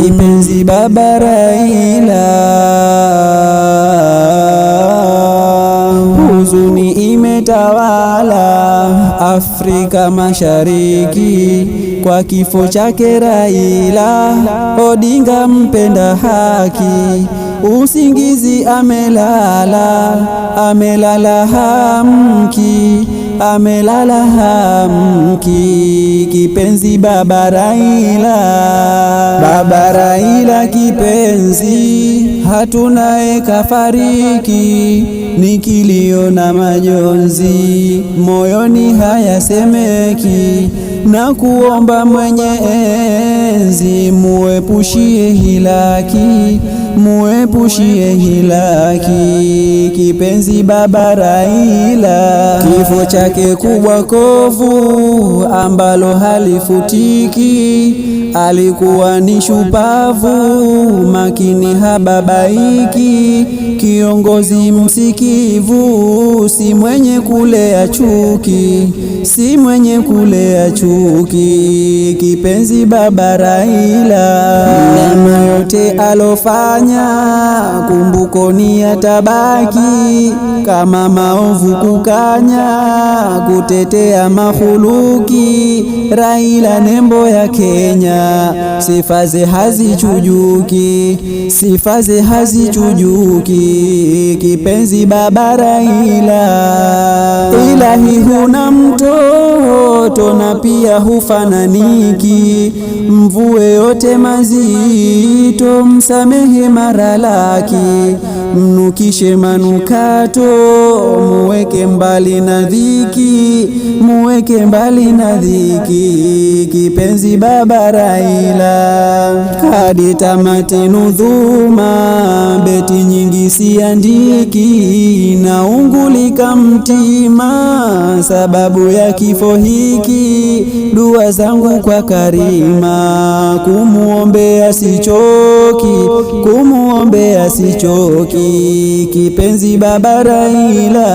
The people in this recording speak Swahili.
Kipenzi Baba Raila huzuni imetawala Afrika Mashariki kwa kifo chake Raila Odinga, mpenda haki, usingizi amelala, amelala hamki amelala hamki, kipenzi baba Raila, baba Raila kipenzi, hatunaye kafariki ni kilio na majonzi, moyoni hayasemeki, na kuomba Mwenyezi muepushie hilaki, muepushie hilaki. Kipenzi Baba Raila, kifo chake kubwa kovu, ambalo halifutiki. Alikuwa ni shupavu, makini hababaiki Kiongozi msikivu, si mwenye kulea chuki, si mwenye kulea chuki. Kipenzi baba Raila, mema yote alofanya kumbukoni atabaki, kama maovu kukanya, kutetea mahuluki. Raila nembo ya Kenya, sifaze hazichujuki, sifaze hazichujuki kipenzi baba Raila, ilahi huna moto na pia hufananiki. Mvue yote mazito, msamehe mara laki. Mnukishe manukato, muweke mbali na dhiki, muweke mbali na dhiki. Kipenzi Baba Raila hadi tamati nudhuma, beti nyingi siandiki, naungulika mtima sababu ya kifo hiki nibariki dua zangu kwa Karima, kumuombea sichoki, kumuombea sichoki, kipenzi baba Raila.